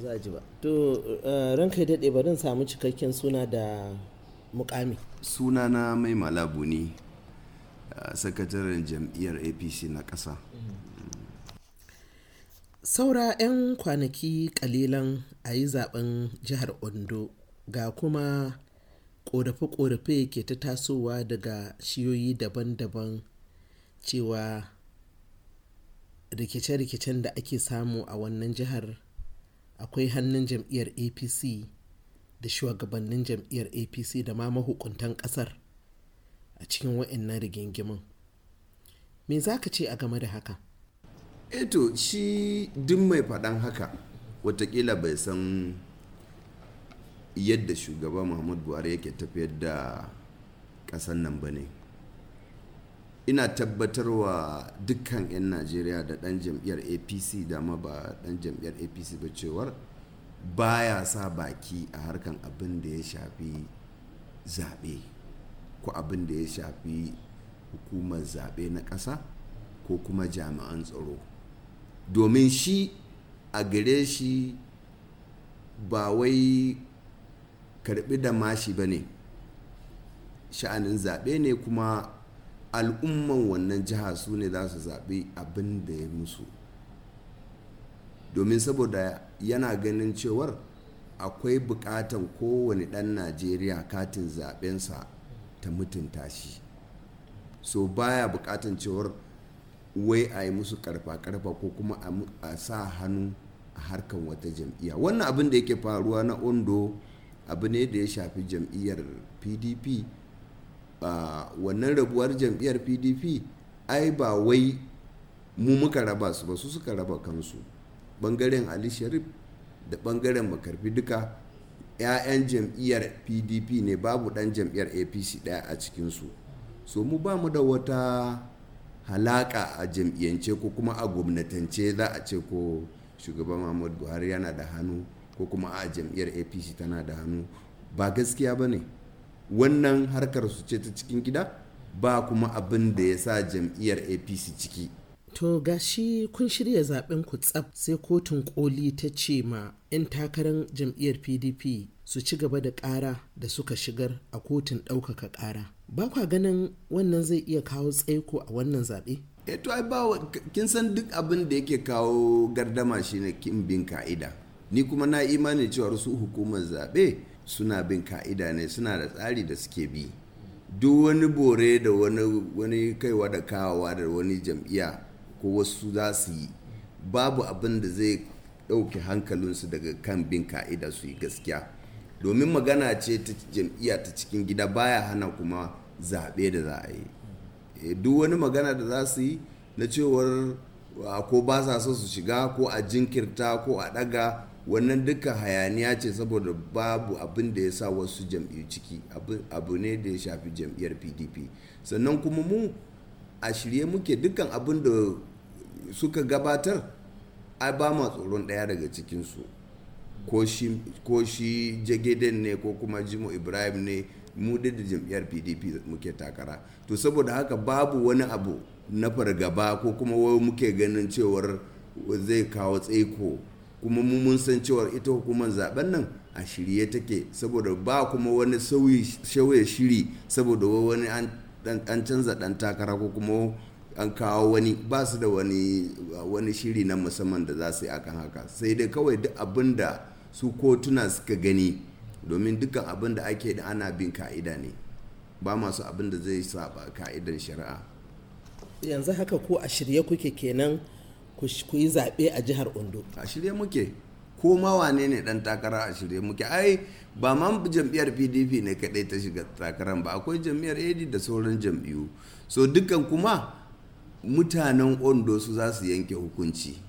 za a ji ba to eh, ranka ya daɗe barin samu cikakken suna da mukami suna na mai malabu ne sakataren jam'iyyar apc na ƙasa mm. saura 'yan kwanaki kalilan a yi zaben jihar ondo ga kuma ƙorafe-ƙorafe ke ta tasowa daga shiyoyi daban-daban cewa rikice-rikicen da ake samu a wannan jihar akwai hannun jam'iyyar apc da shugabannin jam'iyyar apc da ma mahukuntan kasar a cikin wa'annan rigingimin me za ka ce a game da haka eto eh shi duk mai faɗan haka watakila bai san yadda shugaba muhammadu buhari yake tafiyar da ƙasar nan ba ne ina tabbatar wa dukkan 'yan najeriya da ɗan jam'iyyar apc da ma ba ɗan jam'iyyar apc ba cewar baya sa baki a harkan abin da ya shafi zaɓe ko abin da ya shafi hukumar zaɓe na ƙasa ko kuma jami'an tsaro domin shi a gare shi ba wai karɓi da mashi ba ne sha'anin zaɓe ne kuma al'umman wannan jiha su ne za su zaɓi abin da ya musu domin saboda yana ganin cewar akwai buƙatan kowane ɗan najeriya katin zaɓensa ta mutunta shi so baya buƙatan cewar wai a yi musu karfa-karfa ko kuma a sa hannu a harkan wata jam'iyya wannan abin da yake faruwa na ondo abu ne da ya shafi jam'iyyar pdp wannan rabuwar jam'iyyar pdp ai ba wai mu muka raba su ba su suka raba kansu bangaren ali sharif da bangaren makarfi duka 'ya'yan jam'iyyar pdp ne babu dan jam'iyyar apc daya a cikinsu so mu ba mu da wata halaka a jam'iyyance ko kuma a gwamnatance za a ce ko shugaban muhammad buhari yana da hannu ko kuma a jam'iyyar apc tana da hannu ba gaskiya ba ne wannan harkar su ce ta cikin gida ba kuma abin da ya sa jam'iyyar apc ciki to gashi kun shirya zaben ku tsab sai kotun koli ta ce ma 'yan takarar jam'iyyar pdp su ci gaba da ƙara da suka shigar a kotun ɗaukaka kara ba kwa ganin wannan zai iya kawo tsaiko a wannan zaɓe eh to ai ba kin san duk abin da yake kawo gardama shine kin bin ka'ida ni kuma na imani cewa su hukumar zaɓe suna bin ka'ida ne suna da tsari da suke bi duk wani bore da wani kaiwa da kawawa da wani jam'iyya ko wasu za su yi babu abin da zai ɗauke hankalinsu daga kan bin ka'ida su yi gaskiya domin magana ce ta jam'iyya ta cikin gida baya hana kuma zaɓe da za a yi eh, duk wani magana da za su yi na cewar ah, ko ba sa so su shiga ko a jinkirta ko a ɗaga wannan duka hayaniya ce saboda babu abin da ya sa wasu jam'i ciki abu ne da ya shafi jam'iyyar pdp sannan kuma mu a shirye muke dukkan abin da suka gabatar a ba ma tsoron daya daga cikinsu ko shi jageden ne ko kuma jimo ibrahim ne mu da jam'iyyar pdp muke takara to saboda haka babu wani abu na fargaba ko kuma muke ganin cewar zai kawo tsaiko kuma mun san cewar ita hukumar zaben nan a shirye take saboda ba kuma wani sauye shiri saboda wani an canza dan takara ko kuma an kawo wani ba su da wani shiri na musamman da za su yi akan haka sai dai kawai duk abin da su kotuna suka gani domin dukkan abin da ake da ana bin ka'ida ne ba masu abin da zai saba ka'idan shari'a yanzu haka ko a shirye kuke kenan ku yi zaɓe a jihar ondo a shirye muke ko ma wane ne dan takara a shirye muke ai ba ma jam'iyyar pdp ne kadai ta shiga takaran ba akwai jam'iyyar ad da sauran jam'iyyu so dukkan kuma mutanen ondo su za su yanke hukunci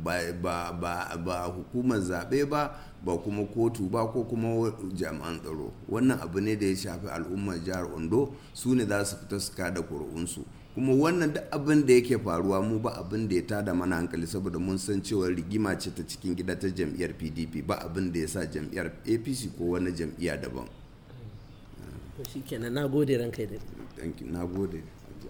ba, ba, ba, ba hukumar zaɓe ba ba kuma kotu ba ko kuma jami'an tsaro wannan abu ne da ya shafi al'ummar jihar ondo su ne za su fita su kada kuri'unsu kuma wannan duk abin da yake faruwa mu ba abin da ya tada mana hankali saboda mun san cewa rigima ce ta cikin gida ta jam'iyyar pdp ba abin da ya sa jam'iyyar apc ko wani jam'iyya daban